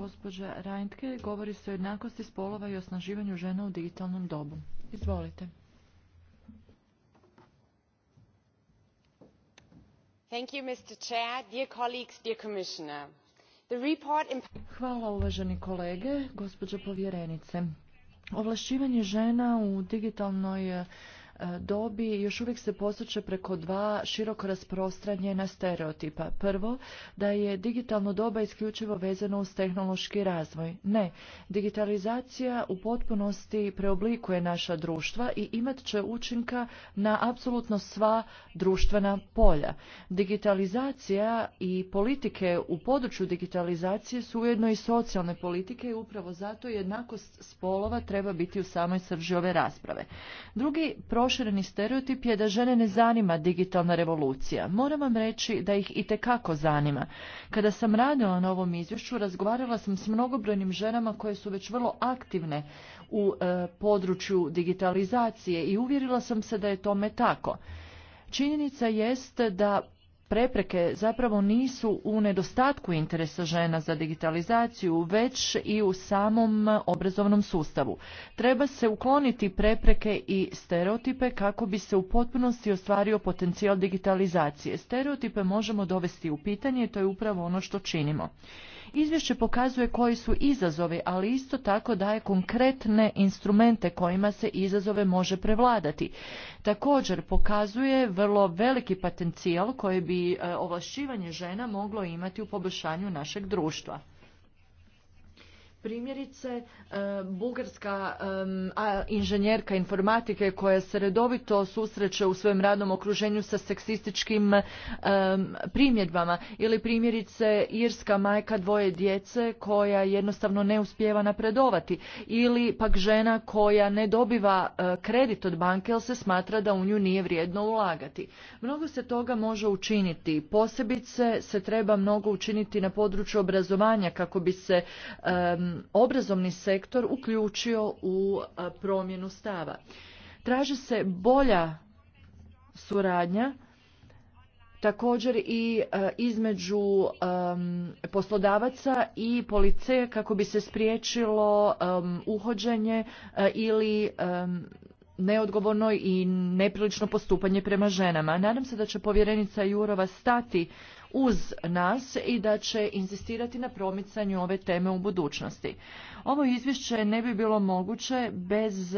Gospođa Reintke govori se o jednakosti spolova i osnaživanju žena u digitalnom dobu. Izvolite. Thank you, Mr. Chair, dear colleagues, dear Commissioner. The report... Hvala uvaženi kolege, gospođa povjerenice. Ovlašćivanje žena u digitalnoj dobi još uvijek se posjeće preko dva široko rasprostranjena stereotipa. Prvo, da je digitalno doba isključivo vezano uz tehnološki razvoj. Ne, digitalizacija u potpunosti preoblikuje naša društva i imat će učinka na apsolutno sva društvena polja. Digitalizacija i politike u području digitalizacije su ujedno i socijalne politike i upravo zato jednakost spolova treba biti u samoj srži ove rasprave. Drugi prošireni stereotip je da žene ne zanima digitalna revolucija. Moram vam reći da ih i tekako zanima. Kada sam radila na ovom izvješću, razgovarala sam s mnogobrojnim ženama koje su već vrlo aktivne u e, području digitalizacije i uvjerila sam se da je tome tako. Činjenica jest da prepreke zapravo nisu u nedostatku interesa žena za digitalizaciju, već i u samom obrazovnom sustavu. Treba se ukloniti prepreke i stereotipe kako bi se u potpunosti ostvario potencijal digitalizacije. Stereotipe možemo dovesti u pitanje to je upravo ono što činimo. Izvješće pokazuje koji su izazovi, ali isto tako daje konkretne instrumente kojima se izazove može prevladati. Također pokazuje vrlo veliki potencijal koji bi e, ovlašćivanje žena moglo imati u poboljšanju našeg društva. Primjerice, e, bugarska e, inženjerka informatike koja se redovito susreće u svojem radnom okruženju sa seksističkim e, primjedbama ili primjerice irska majka dvoje djece koja jednostavno ne uspijeva napredovati ili pak žena koja ne dobiva kredit od banke jer se smatra da u nju nije vrijedno ulagati. Mnogo se toga može učiniti. Posebice se treba mnogo učiniti na području obrazovanja kako bi se obrazovni sektor uključio u promjenu stava. Traži se bolja suradnja također i između poslodavaca i police kako bi se spriječilo uhođenje ili neodgovorno i neprilično postupanje prema ženama. Nadam se da će povjerenica Jurova stati uz nas i da će inzistirati na promicanju ove teme u budućnosti. Ovo izvješće ne bi bilo moguće bez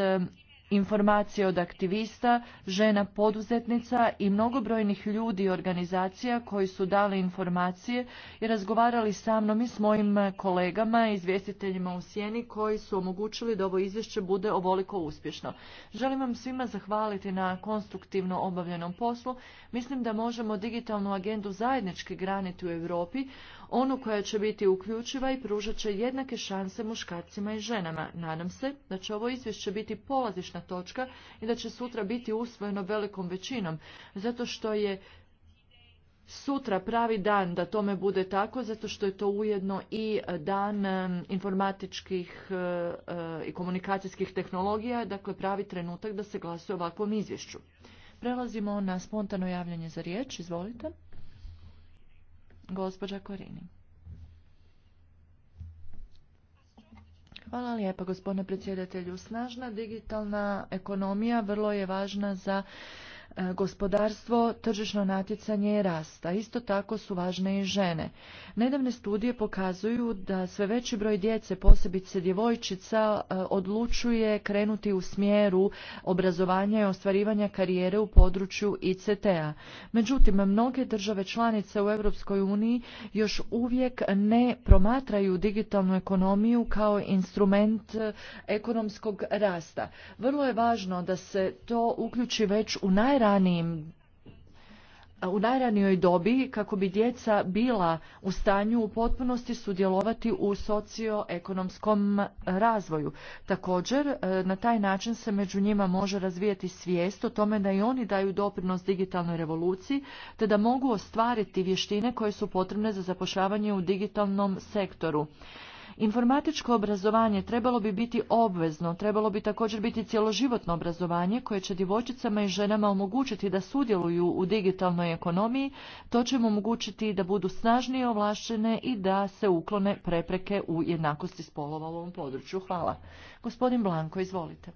informacije od aktivista, žena poduzetnica i mnogobrojnih ljudi i organizacija koji su dali informacije i razgovarali sa mnom i s mojim kolegama i izvjestiteljima u Sjeni koji su omogućili da ovo izvješće bude ovoliko uspješno. Želim vam svima zahvaliti na konstruktivno obavljenom poslu. Mislim da možemo digitalnu agendu zajednički graniti u Europi onu koja će biti uključiva i pružat će jednake šanse muškarcima i ženama. Nadam se da će ovo izvješće biti polazišna točka i da će sutra biti usvojeno velikom većinom, zato što je sutra pravi dan da tome bude tako, zato što je to ujedno i dan informatičkih e, e, i komunikacijskih tehnologija, dakle pravi trenutak da se glasuje ovakvom izvješću. Prelazimo na spontano javljanje za riječ, izvolite. Gospođa Korini. Hvala lijepa gospodine predsjedatelju. Snažna digitalna ekonomija vrlo je važna za E, gospodarstvo, tržišno natjecanje i rasta. Isto tako su važne i žene. Nedavne studije pokazuju da sve veći broj djece, posebice djevojčica, e, odlučuje krenuti u smjeru obrazovanja i ostvarivanja karijere u području ICT-a. Međutim, mnoge države članice u Europskoj uniji još uvijek ne promatraju digitalnu ekonomiju kao instrument e, ekonomskog rasta. Vrlo je važno da se to uključi već u naj najranijim u najranijoj dobi kako bi djeca bila u stanju u potpunosti sudjelovati u socioekonomskom razvoju. Također, e, na taj način se među njima može razvijati svijest o tome da i oni daju doprinos digitalnoj revoluciji, te da mogu ostvariti vještine koje su potrebne za zapošljavanje u digitalnom sektoru. Informatičko obrazovanje trebalo bi biti obvezno, trebalo bi također biti cjeloživotno obrazovanje koje će djevojčicama i ženama omogućiti da sudjeluju u digitalnoj ekonomiji, to će im omogućiti da budu snažnije ovlaštene i da se uklone prepreke u jednakosti spolova u ovom području. Hvala. Gospodin Blanko, izvolite.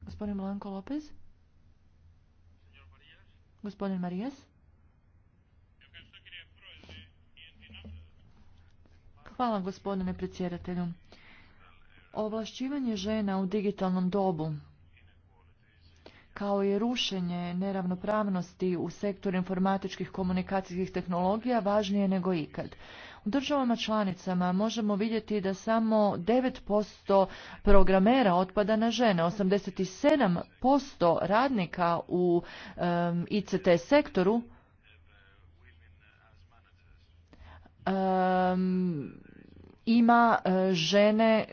Gospodin Blanko Lopez. Gospodin Marijas. Hvala gospodine predsjedatelju. Ovlašćivanje žena u digitalnom dobu kao i rušenje neravnopravnosti u sektoru informatičkih komunikacijskih tehnologija važnije nego ikad. U državama članicama možemo vidjeti da samo 9% programera otpada na žene, 87% radnika u ICT sektoru ima e, žene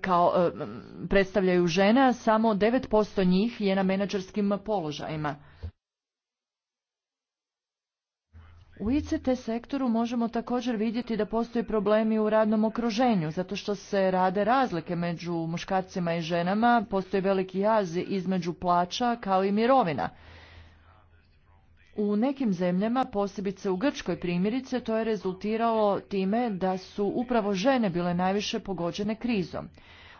kao e, predstavljaju žene, a samo 9% njih je na menadžerskim položajima. U ICT sektoru možemo također vidjeti da postoji problemi u radnom okruženju, zato što se rade razlike među muškarcima i ženama, postoji veliki jaz između plaća kao i mirovina. U nekim zemljama, posebice u Grčkoj primjerice, to je rezultiralo time da su upravo žene bile najviše pogođene krizom.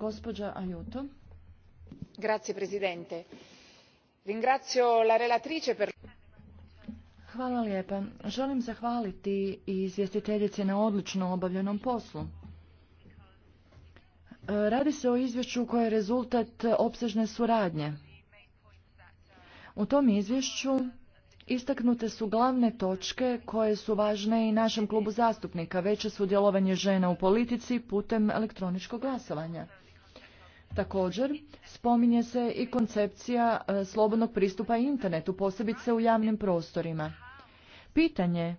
Gospođa Hvala Želim zahvaliti i na odlično obavljenom poslu. Radi se o izvješću koje je rezultat opsežne suradnje. U tom izvješću istaknute su glavne točke koje su važne i našem klubu zastupnika, veće sudjelovanje žena u politici putem elektroničkog glasovanja. Također, spominje se i koncepcija e, slobodnog pristupa internetu, posebice u javnim prostorima. Pitanje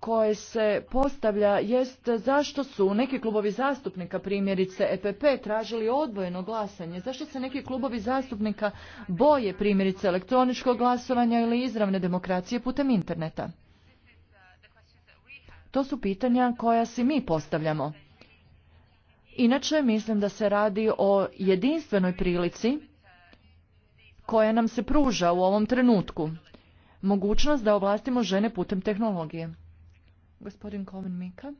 koje se postavlja jest zašto su neki klubovi zastupnika, primjerice EPP, tražili odvojeno glasanje, zašto se neki klubovi zastupnika boje primjerice elektroničkog glasovanja ili izravne demokracije putem interneta. To su pitanja koja si mi postavljamo. Inače, mislim da se radi o jedinstvenoj prilici koja nam se pruža u ovom trenutku. Mogućnost da ovlastimo žene putem tehnologije. Gospodin Kovin Mika.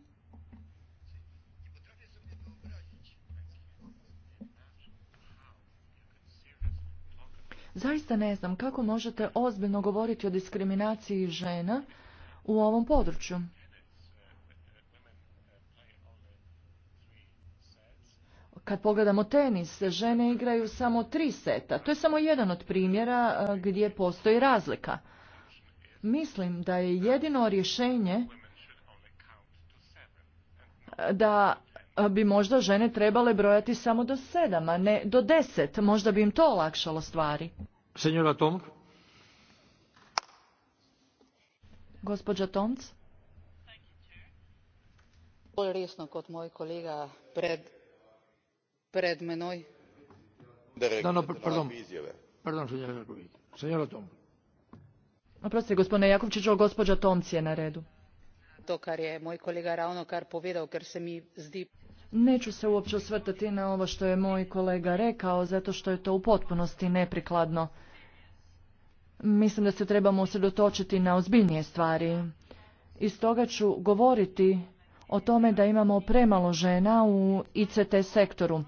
Zaista ne znam kako možete ozbiljno govoriti o diskriminaciji žena u ovom području. Kad pogledamo tenis, žene igraju samo tri seta. To je samo jedan od primjera e, gdje postoji razlika. Mislim da je jedino rješenje e, da bi možda žene trebale brojati samo do sedam, a ne do deset. Možda bi im to olakšalo stvari. Senjora Tomk. Gospođa Tomc. Bolj resno kot moj kolega pred pred menoj Da, no, pardon, pardon, Oprostite, gospodine gospođa Tomci je na redu. To kar je moj kolega kar povedao, kar se mi zdi... Neću se uopće osvrtati na ovo što je moj kolega rekao, zato što je to u potpunosti neprikladno. Mislim da se trebamo usredotočiti na ozbiljnije stvari. Iz toga ću govoriti o tome da imamo premalo žena u ICT sektoru.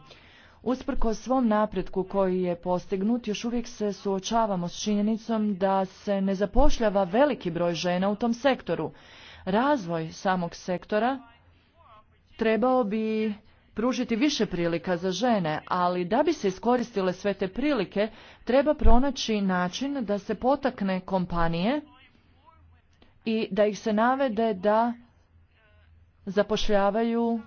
Usprko svom napretku koji je postignut, još uvijek se suočavamo s činjenicom da se ne zapošljava veliki broj žena u tom sektoru. Razvoj samog sektora trebao bi pružiti više prilika za žene, ali da bi se iskoristile sve te prilike, treba pronaći način da se potakne kompanije i da ih se navede da zapošljavaju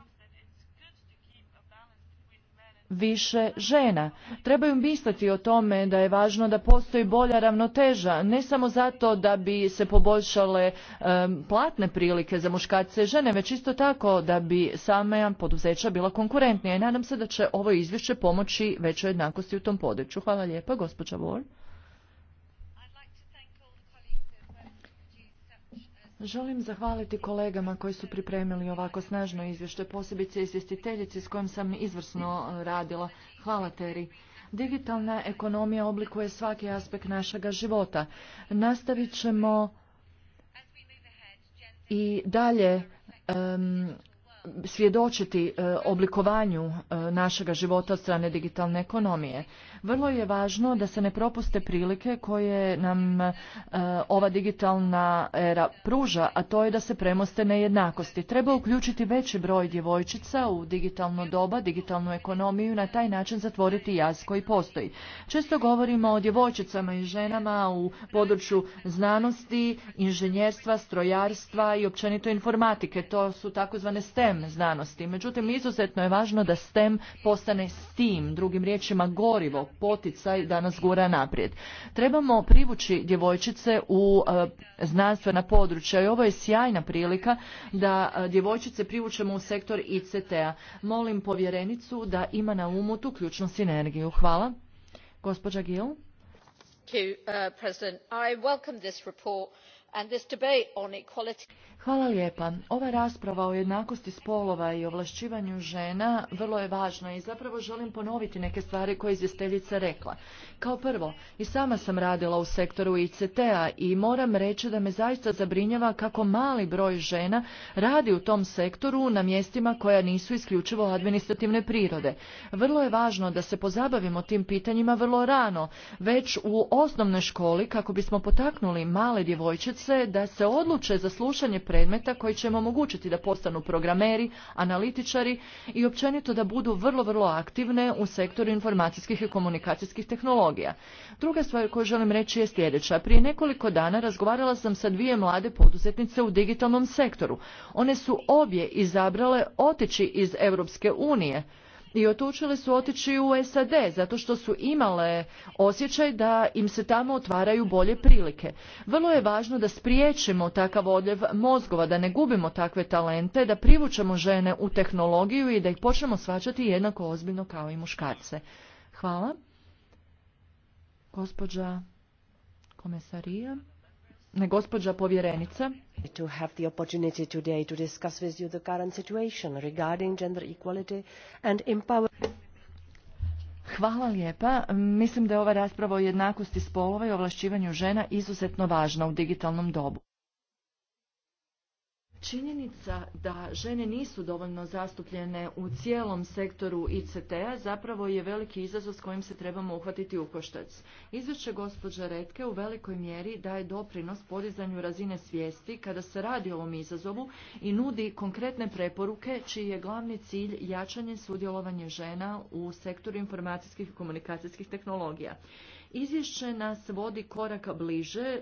više žena. Trebaju misliti o tome da je važno da postoji bolja ravnoteža, ne samo zato da bi se poboljšale platne prilike za muškarce i žene, već isto tako da bi same poduzeća bila konkurentnija. I nadam se da će ovo izvješće pomoći većoj jednakosti u tom području. Hvala lijepa, gospođa volj. Želim zahvaliti kolegama koji su pripremili ovako snažno izvješće, posebice izvjestiteljici s kojom sam izvrsno e, radila. Hvala Teri. Digitalna ekonomija oblikuje svaki aspekt našega života. Nastavit ćemo i dalje svjedočiti e, oblikovanju e, našega života od strane digitalne ekonomije. Vrlo je važno da se ne propuste prilike koje nam e, ova digitalna era pruža, a to je da se premoste nejednakosti. Treba uključiti veći broj djevojčica u digitalno doba, digitalnu ekonomiju i na taj način zatvoriti jaz koji postoji. Često govorimo o djevojčicama i ženama u području znanosti, inženjerstva, strojarstva i općenito informatike. To su takozvane STEM STEM znanosti. Međutim, izuzetno je važno da STEM postane STEAM, drugim riječima gorivo, poticaj da nas gura naprijed. Trebamo privući djevojčice u e, znanstvena područja i ovo je sjajna prilika da e, djevojčice privućemo u sektor ICT-a. Molim povjerenicu da ima na umu tu ključnu sinergiju. Hvala. Gospođa Gil. Hvala, uh, President. I welcome this report and this debate on equality. Hvala lijepa. Ova rasprava o jednakosti spolova i ovlašćivanju žena vrlo je važna i zapravo želim ponoviti neke stvari koje izvjesteljica rekla. Kao prvo, i sama sam radila u sektoru ICT-a i moram reći da me zaista zabrinjava kako mali broj žena radi u tom sektoru na mjestima koja nisu isključivo administrativne prirode. Vrlo je važno da se pozabavimo tim pitanjima vrlo rano, već u osnovnoj školi kako bismo potaknuli male djevojčice da se odluče za slušanje predmeta koji će im omogućiti da postanu programeri, analitičari i općenito da budu vrlo, vrlo aktivne u sektoru informacijskih i komunikacijskih tehnologija. Druga stvar koju želim reći je sljedeća. Prije nekoliko dana razgovarala sam sa dvije mlade poduzetnice u digitalnom sektoru. One su obje izabrale otići iz Europske unije i otučili su otići u SAD zato što su imale osjećaj da im se tamo otvaraju bolje prilike. Vrlo je važno da spriječimo takav odljev mozgova, da ne gubimo takve talente, da privučemo žene u tehnologiju i da ih počnemo svačati jednako ozbiljno kao i muškarce. Hvala. Gospođa komesarija gospođa povjerenica to have the opportunity today to discuss with you the current situation regarding gender equality and empowerment. Hvala lijepa. Mislim da je ova rasprava o jednakosti spolova i ovlašćivanju žena izuzetno važna u digitalnom dobu. Činjenica da žene nisu dovoljno zastupljene u cijelom sektoru ICT-a zapravo je veliki izazov s kojim se trebamo uhvatiti u koštac. Izvješće gospođa Retke u velikoj mjeri daje doprinos podizanju razine svijesti kada se radi o ovom izazovu i nudi konkretne preporuke čiji je glavni cilj jačanje sudjelovanje žena u sektoru informacijskih i komunikacijskih tehnologija. Izvješće nas vodi korak bliže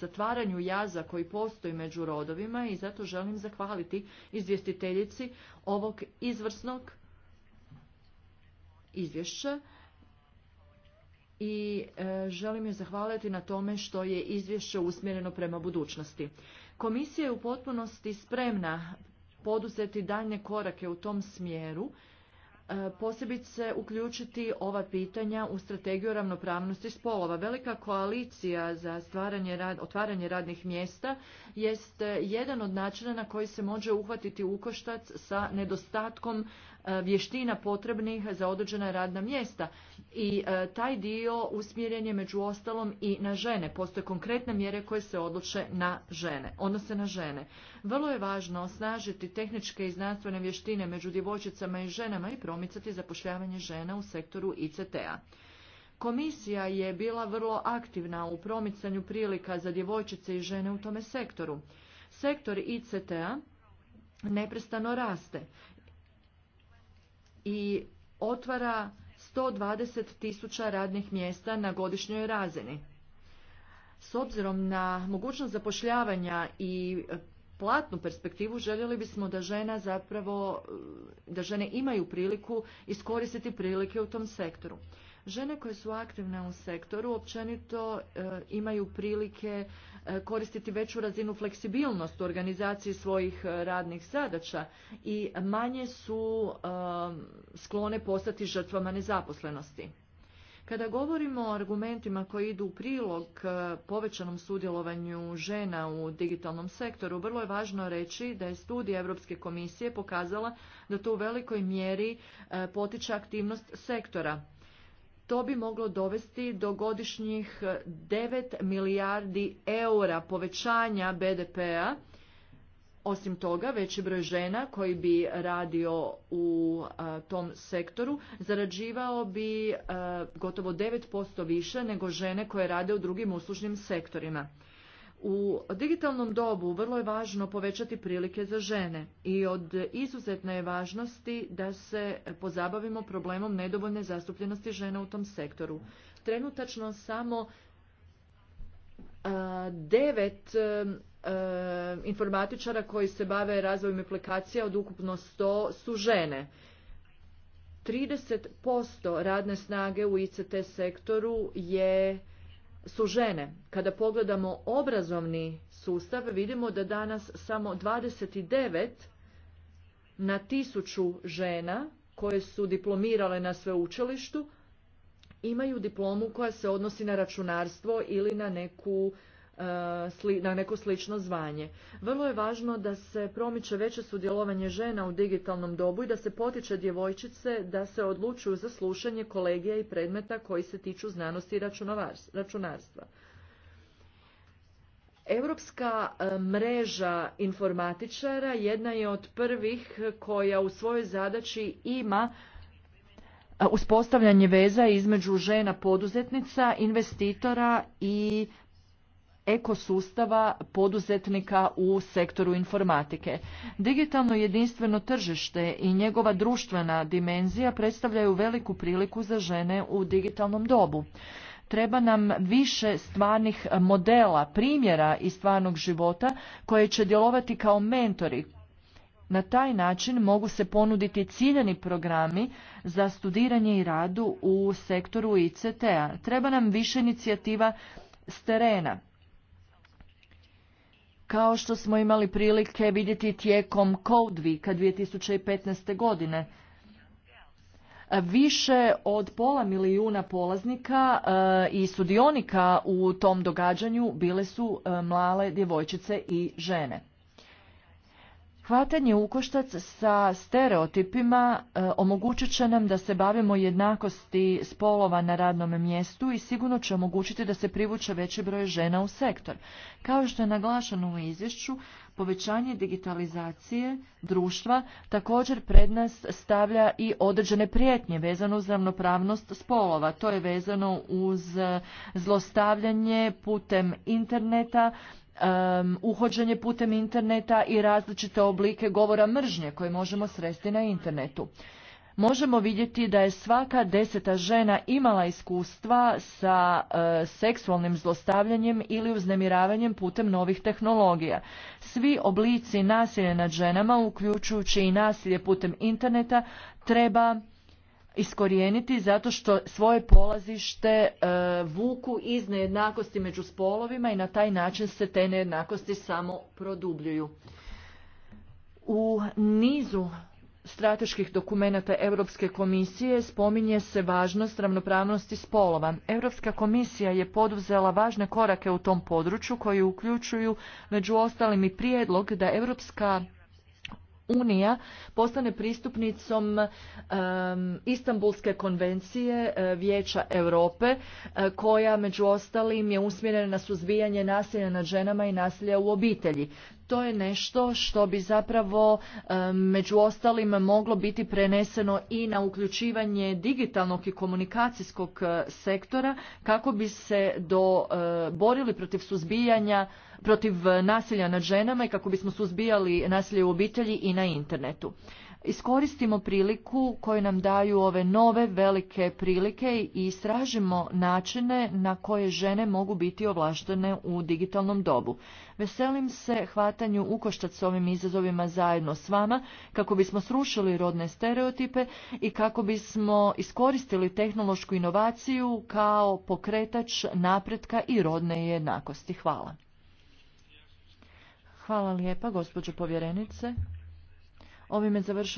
zatvaranju jaza koji postoji među rodovima i zato želim zahvaliti izvjestiteljici ovog izvrsnog izvješća i e, želim je zahvaliti na tome što je izvješće usmjereno prema budućnosti. Komisija je u potpunosti spremna poduzeti daljnje korake u tom smjeru E, posebice uključiti ova pitanja u strategiju ravnopravnosti spolova. Velika koalicija za stvaranje, otvaranje radnih mjesta jest e, jedan od načina na koji se može uhvatiti ukoštac sa nedostatkom E, vještina potrebnih za određena radna mjesta i e, taj dio usmjeren je među ostalom i na žene. Postoje konkretne mjere koje se odluče na žene, odnose na žene. Vrlo je važno osnažiti tehničke i znanstvene vještine među djevojčicama i ženama i promicati zapošljavanje žena u sektoru ICT-a. Komisija je bila vrlo aktivna u promicanju prilika za djevojčice i žene u tome sektoru. Sektor ICT-a neprestano raste i otvara 120 tisuća radnih mjesta na godišnjoj razini. S obzirom na mogućnost zapošljavanja i platnu perspektivu željeli bismo da žena zapravo, da žene imaju priliku iskoristiti prilike u tom sektoru. Žene koje su aktivne u sektoru općenito e, imaju prilike e, koristiti veću razinu fleksibilnost u organizaciji svojih e, radnih zadaća i manje su sklone postati žrtvama nezaposlenosti. Kada govorimo o argumentima koji idu u prilog povećanom sudjelovanju žena u digitalnom sektoru, vrlo je važno reći da je studija Europske komisije pokazala da to u velikoj mjeri potiče aktivnost sektora. To bi moglo dovesti do godišnjih 9 e, milijardi eura povećanja BDP-a. Osim toga, veći broj žena koji bi radio u e, tom sektoru zarađivao bi e, gotovo 9% više nego žene koje rade u drugim uslužnim sektorima. U digitalnom dobu vrlo je važno povećati prilike za žene i od izuzetne je važnosti da se pozabavimo problemom nedovoljne zastupljenosti žena u tom sektoru. Trenutačno samo devet informatičara koji se bave razvojem aplikacija od ukupno 100 su žene. 30% radne snage u ICT sektoru je su žene. Kada pogledamo obrazovni sustav, vidimo da danas samo 29 na tisuću žena koje su diplomirale na sveučilištu imaju diplomu koja se odnosi na računarstvo ili na neku E, na neko slično zvanje. Vrlo je važno da se promiče veće sudjelovanje žena u digitalnom dobu i da se potiče djevojčice da se odlučuju za slušanje kolegija i predmeta koji se tiču znanosti i računarstva. Europska e, mreža informatičara jedna je od prvih koja u svojoj zadaći ima e, uspostavljanje veza između žena poduzetnica, investitora i ekosustava poduzetnika u sektoru informatike. Digitalno jedinstveno tržište i njegova društvena dimenzija predstavljaju veliku priliku za žene u digitalnom dobu. Treba nam više stvarnih modela, primjera i stvarnog života koje će djelovati kao mentori, na taj način mogu se ponuditi ciljani programi za studiranje i radu u sektoru ICT-a. Treba nam više inicijativa s terena kao što smo imali prilike vidjeti tijekom Code Weeka 2015. godine. Više od pola milijuna polaznika eh, i sudionika u tom događanju bile su eh, male djevojčice i žene. Hvatanje ukoštac sa stereotipima e, omogućit će nam da se bavimo jednakosti spolova na radnom mjestu i sigurno će omogućiti da se privuče veći broj žena u sektor. Kao što je naglašeno u izvješću, povećanje digitalizacije društva također pred nas stavlja i određene prijetnje vezano uz ravnopravnost spolova. To je vezano uz zlostavljanje putem interneta, uhođenje putem interneta i različite oblike govora mržnje koje možemo sresti na internetu. Možemo vidjeti da je svaka deseta žena imala iskustva sa e, seksualnim zlostavljanjem ili uznemiravanjem putem novih tehnologija. Svi oblici nasilja nad ženama, uključujući i nasilje putem interneta, treba iskorijeniti zato što svoje polazište e, vuku iz nejednakosti među spolovima i na taj način se te nejednakosti samo produbljuju. U nizu strateških dokumenata Europske komisije spominje se važnost ravnopravnosti spolova. Europska komisija je poduzela važne korake u tom području koji uključuju među ostalim i prijedlog da Europska unija postane pristupnicom Istambulske konvencije eh, Vijeća Europe eh, koja među ostalim je usmjerena na suzbijanje nasilja nad ženama i nasilja u obitelji to je nešto što bi zapravo e, među ostalim moglo biti preneseno i na uključivanje digitalnog i komunikacijskog e, sektora kako bi se do, e, borili protiv suzbijanja protiv nasilja nad ženama i kako bismo suzbijali nasilje u obitelji i na internetu iskoristimo priliku koju nam daju ove nove velike prilike i istražimo načine na koje žene mogu biti ovlaštene u digitalnom dobu. Veselim se hvatanju ukoštac s ovim izazovima zajedno s vama kako bismo srušili rodne stereotipe i kako bismo iskoristili tehnološku inovaciju kao pokretač napretka i rodne jednakosti. Hvala. Hvala lijepa, gospođo povjerenice. Ovime